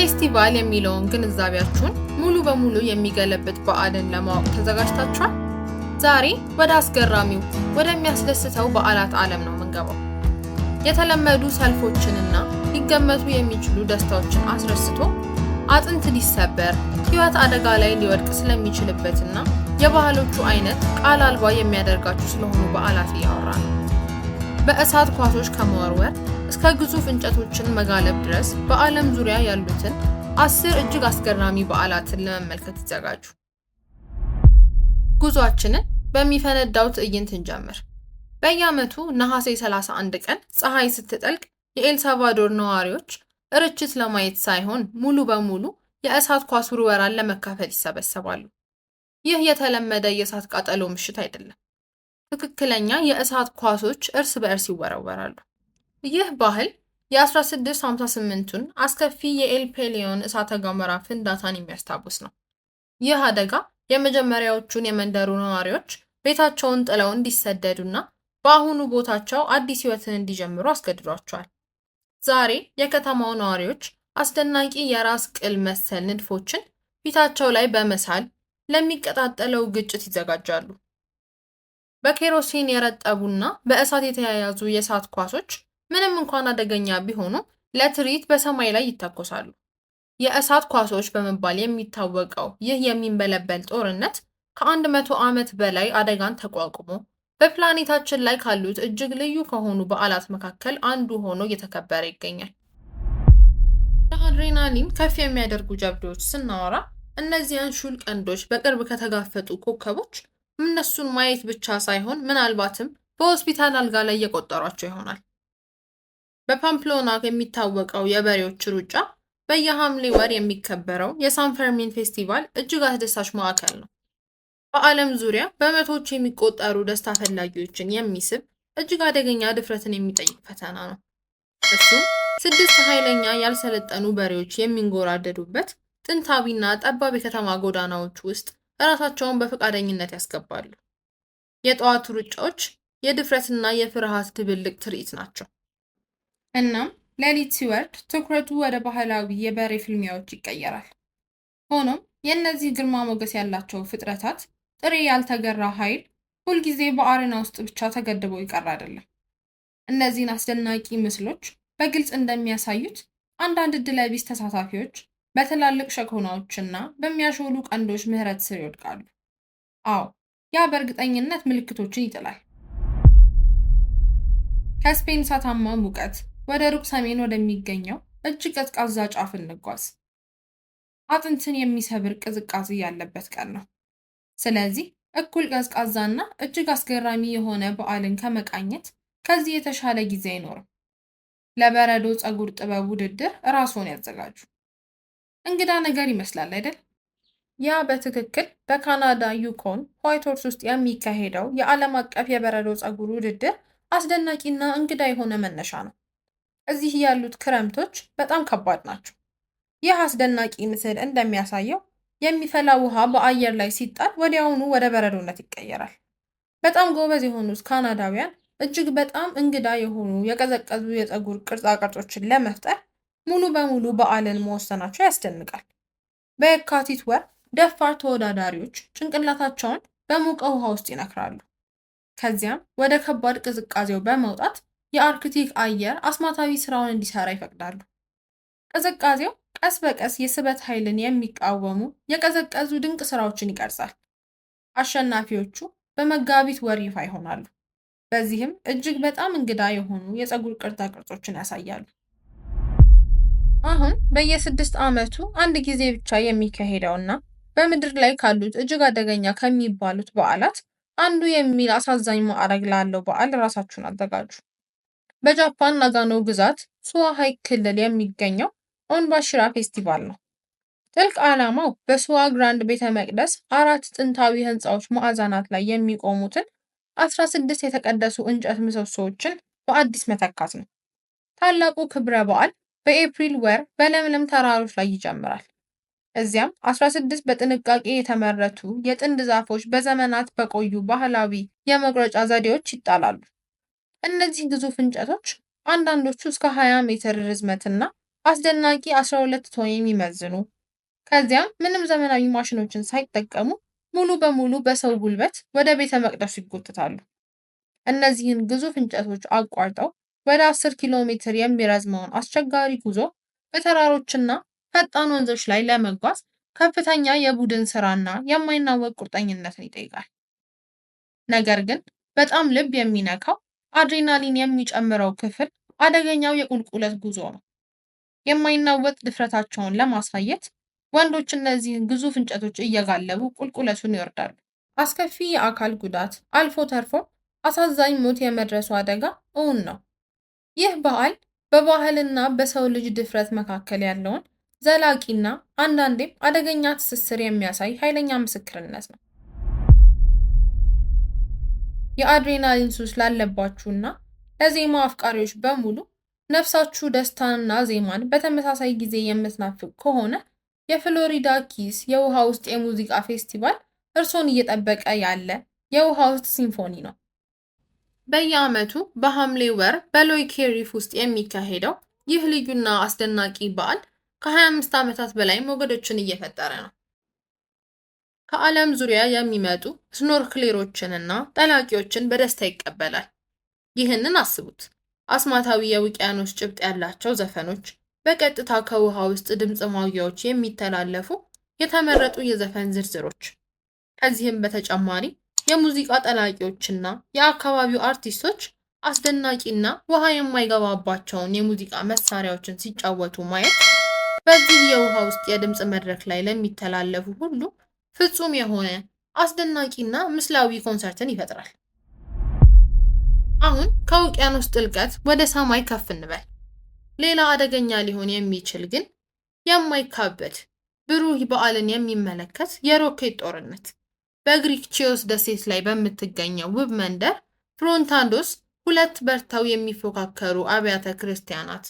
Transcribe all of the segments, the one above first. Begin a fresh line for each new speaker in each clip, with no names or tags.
ፌስቲቫል የሚለውን ግንዛቤያችሁን ሙሉ በሙሉ የሚገለብጥ በዓልን ለማወቅ ተዘጋጅታችኋል? ዛሬ ወደ አስገራሚው ወደሚያስደስተው በዓላት ዓለም ነው የምንገባው። የተለመዱ ሰልፎችንና ሊገመቱ የሚችሉ ደስታዎችን አስረስቶ አጥንት ሊሰበር ሕይወት አደጋ ላይ ሊወድቅ ስለሚችልበትና የባህሎቹ አይነት ቃል አልባ የሚያደርጋችሁ ስለሆኑ በዓላት እያወራ ነው። በእሳት ኳሶች ከመወርወር እስከ ግዙፍ እንጨቶችን መጋለብ ድረስ በዓለም ዙሪያ ያሉትን አስር እጅግ አስገራሚ በዓላትን ለመመልከት ይዘጋጁ። ጉዟችንን በሚፈነዳው ትዕይንት እንጀምር። በየዓመቱ ነሐሴ 31 ቀን ፀሐይ ስትጠልቅ የኤልሳልቫዶር ነዋሪዎች ርችት ለማየት ሳይሆን ሙሉ በሙሉ የእሳት ኳስ ውርወራን ለመካፈል ይሰበሰባሉ። ይህ የተለመደ የእሳት ቃጠሎ ምሽት አይደለም። ትክክለኛ የእሳት ኳሶች እርስ በእርስ ይወረወራሉ። ይህ ባህል የ1658ቱን አስከፊ የኤልፔሊዮን እሳተ ገሞራ ፍንዳታን የሚያስታውስ ነው። ይህ አደጋ የመጀመሪያዎቹን የመንደሩ ነዋሪዎች ቤታቸውን ጥለው እንዲሰደዱና በአሁኑ ቦታቸው አዲስ ሕይወትን እንዲጀምሩ አስገድዷቸዋል። ዛሬ የከተማው ነዋሪዎች አስደናቂ የራስ ቅል መሰል ንድፎችን ፊታቸው ላይ በመሳል ለሚቀጣጠለው ግጭት ይዘጋጃሉ። በኬሮሲን የረጠቡና በእሳት የተያያዙ የእሳት ኳሶች ምንም እንኳን አደገኛ ቢሆኑ ለትርኢት በሰማይ ላይ ይተኮሳሉ። የእሳት ኳሶች በመባል የሚታወቀው ይህ የሚንበለበል ጦርነት ከአንድ መቶ ዓመት በላይ አደጋን ተቋቁሞ በፕላኔታችን ላይ ካሉት እጅግ ልዩ ከሆኑ በዓላት መካከል አንዱ ሆኖ እየተከበረ ይገኛል። ለአድሬናሊን ከፍ የሚያደርጉ ጀብዶዎች ስናወራ እነዚያን ሹል ቀንዶች በቅርብ ከተጋፈጡ ኮከቦች እነሱን ማየት ብቻ ሳይሆን ምናልባትም በሆስፒታል አልጋ ላይ እየቆጠሯቸው ይሆናል። በፓምፕሎና የሚታወቀው የበሬዎች ሩጫ በየሐምሌ ወር የሚከበረው የሳን ፈርሚን ፌስቲቫል እጅግ አስደሳች ማዕከል ነው። በዓለም ዙሪያ በመቶዎች የሚቆጠሩ ደስታ ፈላጊዎችን የሚስብ እጅግ አደገኛ ድፍረትን የሚጠይቅ ፈተና ነው። እሱም ስድስት ኃይለኛ ያልሰለጠኑ በሬዎች የሚንጎራደዱበት ጥንታዊና ጠባብ የከተማ ጎዳናዎች ውስጥ እራሳቸውን በፈቃደኝነት ያስገባሉ። የጠዋቱ ሩጫዎች የድፍረትና የፍርሃት ድብልቅ ትርኢት ናቸው። እናም ሌሊት ሲወርድ ትኩረቱ ወደ ባህላዊ የበሬ ፍልሚያዎች ይቀየራል። ሆኖም የእነዚህ ግርማ ሞገስ ያላቸው ፍጥረታት ጥሬ ያልተገራ ኃይል ሁልጊዜ በአሬና ውስጥ ብቻ ተገድቦ ይቀር አይደለም። እነዚህን አስደናቂ ምስሎች በግልጽ እንደሚያሳዩት አንዳንድ ድለቢስ ተሳታፊዎች በትላልቅ ሸኮናዎችና በሚያሾሉ ቀንዶች ምህረት ስር ይወድቃሉ። አዎ፣ ያ በእርግጠኝነት ምልክቶችን ይጥላል። ከስፔን እሳታማ ሙቀት ወደ ሩቅ ሰሜን ወደሚገኘው እጅግ ቀዝቃዛ ጫፍ እንጓዝ። አጥንትን የሚሰብር ቅዝቃዜ ያለበት ቀን ነው። ስለዚህ እኩል ቀዝቃዛና እጅግ አስገራሚ የሆነ በዓልን ከመቃኘት ከዚህ የተሻለ ጊዜ አይኖርም። ለበረዶ ፀጉር ጥበብ ውድድር ራስዎን ያዘጋጁ። እንግዳ ነገር ይመስላል አይደል? ያ በትክክል በካናዳ ዩኮን ዋይት ሆርስ ውስጥ የሚካሄደው የዓለም አቀፍ የበረዶ ፀጉር ውድድር አስደናቂና እንግዳ የሆነ መነሻ ነው። እዚህ ያሉት ክረምቶች በጣም ከባድ ናቸው። ይህ አስደናቂ ምስል እንደሚያሳየው የሚፈላ ውሃ በአየር ላይ ሲጣል ወዲያውኑ ወደ በረዶነት ይቀየራል። በጣም ጎበዝ የሆኑት ካናዳውያን እጅግ በጣም እንግዳ የሆኑ የቀዘቀዙ የፀጉር ቅርጻ ቅርጾችን ለመፍጠር ሙሉ በሙሉ በዓልን መወሰናቸው ያስደንቃል። በየካቲት ወር ደፋር ተወዳዳሪዎች ጭንቅላታቸውን በሞቀ ውሃ ውስጥ ይነክራሉ። ከዚያም ወደ ከባድ ቅዝቃዜው በመውጣት የአርክቲክ አየር አስማታዊ ስራውን እንዲሰራ ይፈቅዳሉ። ቅዝቃዜው ቀስ በቀስ የስበት ኃይልን የሚቃወሙ የቀዘቀዙ ድንቅ ስራዎችን ይቀርጻል። አሸናፊዎቹ በመጋቢት ወር ይፋ ይሆናሉ። በዚህም እጅግ በጣም እንግዳ የሆኑ የፀጉር ቅርጻ ቅርጾችን ያሳያሉ። አሁን በየስድስት ዓመቱ አንድ ጊዜ ብቻ የሚካሄደውና በምድር ላይ ካሉት እጅግ አደገኛ ከሚባሉት በዓላት አንዱ የሚል አሳዛኝ ማዕረግ ላለው በዓል ራሳችሁን አዘጋጁ። በጃፓን ናጋኖ ግዛት ሱዋ ሐይቅ ክልል የሚገኘው ኦንባሽራ ፌስቲቫል ነው። ጥልቅ ዓላማው በሱዋ ግራንድ ቤተ መቅደስ አራት ጥንታዊ ሕንፃዎች ማዕዘናት ላይ የሚቆሙትን 16 የተቀደሱ እንጨት ምሰሶዎችን በአዲስ መተካት ነው። ታላቁ ክብረ በዓል በኤፕሪል ወር በለምለም ተራሮች ላይ ይጀምራል። እዚያም 16 በጥንቃቄ የተመረቱ የጥንድ ዛፎች በዘመናት በቆዩ ባህላዊ የመቁረጫ ዘዴዎች ይጣላሉ። እነዚህ ግዙፍ እንጨቶች አንዳንዶቹ እስከ 20 ሜትር ርዝመትና አስደናቂ 12 ቶን የሚመዝኑ፣ ከዚያም ምንም ዘመናዊ ማሽኖችን ሳይጠቀሙ ሙሉ በሙሉ በሰው ጉልበት ወደ ቤተ መቅደሱ ይጎተታሉ። እነዚህን ግዙፍ እንጨቶች አቋርጠው ወደ 10 ኪሎ ሜትር የሚረዝመውን አስቸጋሪ ጉዞ በተራሮችና ፈጣን ወንዞች ላይ ለመጓዝ ከፍተኛ የቡድን ስራና የማይናወቅ ቁርጠኝነትን ይጠይቃል። ነገር ግን በጣም ልብ የሚነካው አድሬናሊን የሚጨምረው ክፍል አደገኛው የቁልቁለት ጉዞ ነው። የማይናወጥ ድፍረታቸውን ለማሳየት ወንዶች እነዚህን ግዙፍ እንጨቶች እየጋለቡ ቁልቁለቱን ይወርዳሉ። አስከፊ የአካል ጉዳት አልፎ ተርፎ አሳዛኝ ሞት የመድረሱ አደጋ እውን ነው። ይህ በዓል በባህልና በሰው ልጅ ድፍረት መካከል ያለውን ዘላቂና አንዳንዴም አደገኛ ትስስር የሚያሳይ ኃይለኛ ምስክርነት ነው። የአድሬናሊን ሱስ ላለባችሁና ለዜማ አፍቃሪዎች በሙሉ ነፍሳችሁ ደስታንና ዜማን በተመሳሳይ ጊዜ የምትናፍቅ ከሆነ የፍሎሪዳ ኪስ የውሃ ውስጥ የሙዚቃ ፌስቲቫል እርሶን እየጠበቀ ያለ የውሃ ውስጥ ሲምፎኒ ነው። በየዓመቱ በሐምሌ ወር በሎይኬ ሪፍ ውስጥ የሚካሄደው ይህ ልዩና አስደናቂ በዓል ከ25 ዓመታት በላይ ሞገዶችን እየፈጠረ ነው። ከዓለም ዙሪያ የሚመጡ ስኖርክሌሮችንና ጠላቂዎችን በደስታ ይቀበላል። ይህንን አስቡት። አስማታዊ የውቅያኖስ ጭብጥ ያላቸው ዘፈኖች በቀጥታ ከውሃ ውስጥ ድምፅ ማጉያዎች የሚተላለፉ የተመረጡ የዘፈን ዝርዝሮች። ከዚህም በተጨማሪ የሙዚቃ ጠላቂዎችና የአካባቢው አርቲስቶች አስደናቂና ውሃ የማይገባባቸውን የሙዚቃ መሳሪያዎችን ሲጫወቱ ማየት በዚህ የውሃ ውስጥ የድምፅ መድረክ ላይ ለሚተላለፉ ሁሉ ፍጹም የሆነ አስደናቂና ምስላዊ ኮንሰርትን ይፈጥራል። አሁን ከውቅያኖስ ጥልቀት ወደ ሰማይ ከፍ እንበል። ሌላ አደገኛ ሊሆን የሚችል ግን የማይካበድ ብሩህ በዓልን የሚመለከት የሮኬት ጦርነት በግሪክ ቺዮስ ደሴት ላይ በምትገኘው ውብ መንደር ፍሮንታንዶስ ሁለት በርተው የሚፎካከሩ አብያተ ክርስቲያናት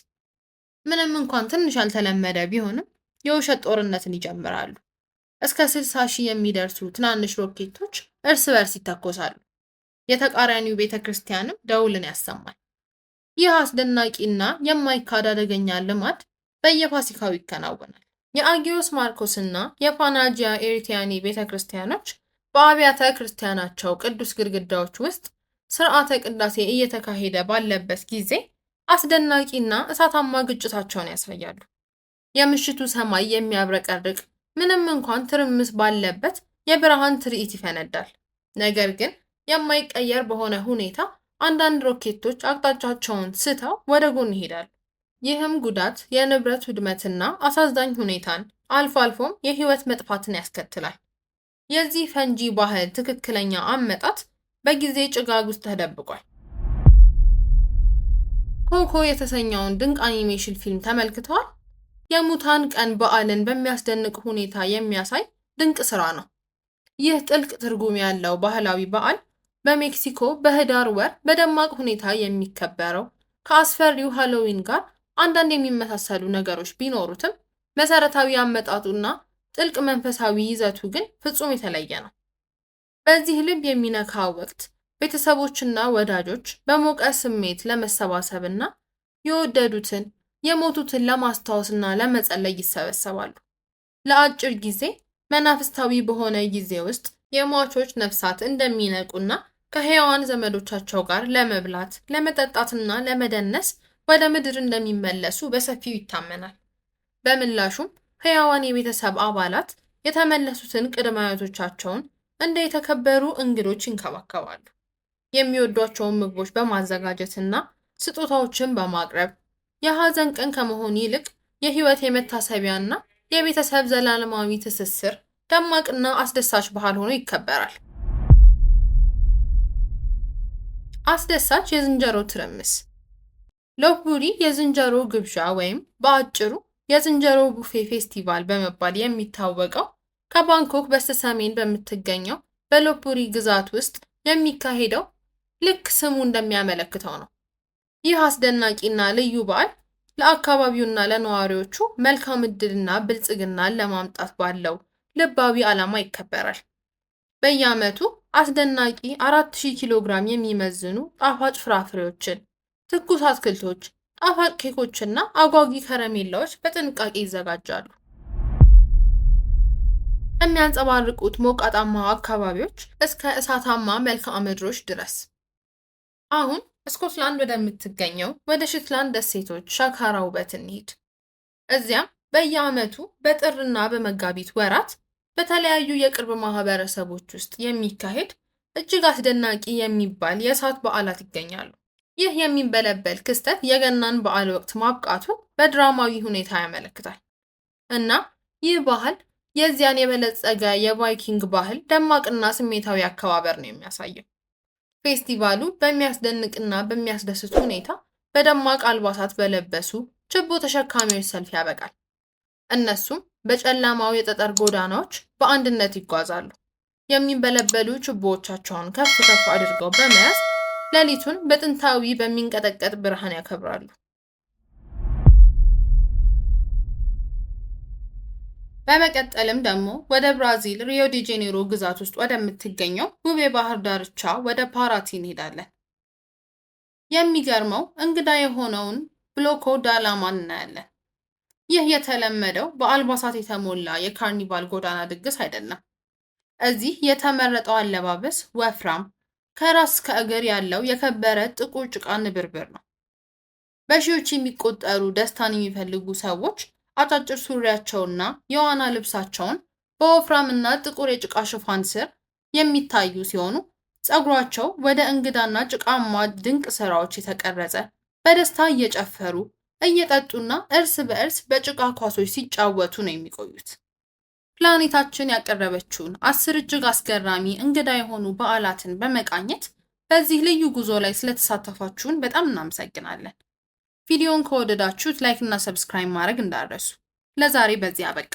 ምንም እንኳን ትንሽ ያልተለመደ ቢሆንም የውሸት ጦርነትን ይጀምራሉ። እስከ 60 ሺህ የሚደርሱ ትናንሽ ሮኬቶች እርስ በርስ ይተኮሳሉ። የተቃራኒው ቤተ ክርስቲያንም ደውልን ያሰማል። ይህ አስደናቂና የማይካድ አደገኛ ልማድ በየፋሲካው ይከናወናል። የአጊዮስ ማርኮስና የፓናጂያ ኤሪቲያኒ ቤተ ክርስቲያኖች በአብያተ ክርስቲያናቸው ቅዱስ ግድግዳዎች ውስጥ ስርዓተ ቅዳሴ እየተካሄደ ባለበት ጊዜ አስደናቂና እሳታማ ግጭታቸውን ያሳያሉ። የምሽቱ ሰማይ የሚያብረቀርቅ ምንም እንኳን ትርምስ ባለበት የብርሃን ትርኢት ይፈነዳል። ነገር ግን የማይቀየር በሆነ ሁኔታ አንዳንድ ሮኬቶች አቅጣጫቸውን ስተው ወደ ጎን ይሄዳሉ። ይህም ጉዳት፣ የንብረት ውድመትና አሳዛኝ ሁኔታን አልፎ አልፎም የህይወት መጥፋትን ያስከትላል። የዚህ ፈንጂ ባህል ትክክለኛ አመጣት በጊዜ ጭጋግ ውስጥ ተደብቋል። ኮኮ የተሰኘውን ድንቅ አኒሜሽን ፊልም ተመልክተዋል? የሙታን ቀን በዓልን በሚያስደንቅ ሁኔታ የሚያሳይ ድንቅ ስራ ነው። ይህ ጥልቅ ትርጉም ያለው ባህላዊ በዓል በሜክሲኮ በህዳር ወር በደማቅ ሁኔታ የሚከበረው ከአስፈሪው ሃሎዊን ጋር አንዳንድ የሚመሳሰሉ ነገሮች ቢኖሩትም መሰረታዊ አመጣጡና ጥልቅ መንፈሳዊ ይዘቱ ግን ፍጹም የተለየ ነው። በዚህ ልብ የሚነካ ወቅት ቤተሰቦችና ወዳጆች በሞቀ ስሜት ለመሰባሰብና የወደዱትን የሞቱትን ለማስታወስና ለመጸለይ ይሰበሰባሉ። ለአጭር ጊዜ መናፍስታዊ በሆነ ጊዜ ውስጥ የሟቾች ነፍሳት እንደሚነቁና ከሕያዋን ዘመዶቻቸው ጋር ለመብላት ለመጠጣትና ለመደነስ ወደ ምድር እንደሚመለሱ በሰፊው ይታመናል። በምላሹም ሕያዋን የቤተሰብ አባላት የተመለሱትን ቅድመ አያቶቻቸውን እንደ የተከበሩ እንግዶች ይንከባከባሉ። የሚወዷቸውን ምግቦች በማዘጋጀትና ስጦታዎችን በማቅረብ የሐዘን ቀን ከመሆን ይልቅ የህይወት የመታሰቢያና የቤተሰብ ዘላለማዊ ትስስር ደማቅና አስደሳች ባህል ሆኖ ይከበራል። አስደሳች የዝንጀሮ ትርምስ ሎፕቡሪ የዝንጀሮ ግብዣ ወይም በአጭሩ የዝንጀሮ ቡፌ ፌስቲቫል በመባል የሚታወቀው ከባንኮክ በስተሰሜን በምትገኘው በሎፕቡሪ ግዛት ውስጥ የሚካሄደው ልክ ስሙ እንደሚያመለክተው ነው። ይህ አስደናቂና ልዩ በዓል ለአካባቢውና ለነዋሪዎቹ መልካም እድልና ብልጽግናን ለማምጣት ባለው ልባዊ ዓላማ ይከበራል። በየዓመቱ አስደናቂ 4000 ኪሎ ግራም የሚመዝኑ ጣፋጭ ፍራፍሬዎችን፣ ትኩስ አትክልቶች፣ ጣፋጭ ኬኮችና አጓጊ ከረሜላዎች በጥንቃቄ ይዘጋጃሉ። የሚያንጸባርቁት ሞቃታማ አካባቢዎች እስከ እሳታማ መልክዓ ምድሮች ድረስ አሁን ስኮትላንድ ወደምትገኘው ወደ ሽትላንድ ደሴቶች ሻካራ ውበት እንሂድ። እዚያም በየዓመቱ በጥርና በመጋቢት ወራት በተለያዩ የቅርብ ማህበረሰቦች ውስጥ የሚካሄድ እጅግ አስደናቂ የሚባል የእሳት በዓላት ይገኛሉ። ይህ የሚንበለበል ክስተት የገናን በዓል ወቅት ማብቃቱን በድራማዊ ሁኔታ ያመለክታል እና ይህ ባህል የዚያን የበለጸገ የቫይኪንግ ባህል ደማቅና ስሜታዊ አከባበር ነው የሚያሳየው። ፌስቲቫሉ በሚያስደንቅና በሚያስደስት ሁኔታ በደማቅ አልባሳት በለበሱ ችቦ ተሸካሚዎች ሰልፍ ያበቃል። እነሱም በጨለማው የጠጠር ጎዳናዎች በአንድነት ይጓዛሉ። የሚንበለበሉ ችቦዎቻቸውን ከፍ ከፍ አድርገው በመያዝ ሌሊቱን በጥንታዊ በሚንቀጠቀጥ ብርሃን ያከብራሉ። በመቀጠልም ደግሞ ወደ ብራዚል ሪዮ ዲ ጄኔሮ ግዛት ውስጥ ወደምትገኘው ውብ የባህር ዳርቻ ወደ ፓራቲ እንሄዳለን። የሚገርመው እንግዳ የሆነውን ብሎኮ ዳላማ እናያለን። ይህ የተለመደው በአልባሳት የተሞላ የካርኒቫል ጎዳና ድግስ አይደለም። እዚህ የተመረጠው አለባበስ ወፍራም፣ ከራስ ከእግር ያለው የከበረ ጥቁር ጭቃ ንብርብር ነው። በሺዎች የሚቆጠሩ ደስታን የሚፈልጉ ሰዎች አጫጭር ሱሪያቸውና የዋና ልብሳቸውን በወፍራምና ጥቁር የጭቃ ሽፋን ስር የሚታዩ ሲሆኑ ፀጉራቸው ወደ እንግዳና ጭቃማ ድንቅ ሥራዎች የተቀረጸ፣ በደስታ እየጨፈሩ እየጠጡና እርስ በእርስ በጭቃ ኳሶች ሲጫወቱ ነው የሚቆዩት። ፕላኔታችን ያቀረበችውን አስር እጅግ አስገራሚ እንግዳ የሆኑ በዓላትን በመቃኘት በዚህ ልዩ ጉዞ ላይ ስለተሳተፋችሁን በጣም እናመሰግናለን። ቪዲዮን ከወደዳችሁት ላይክ እና ሰብስክራይብ ማድረግ እንዳረሱ። ለዛሬ በዚህ አበቃ።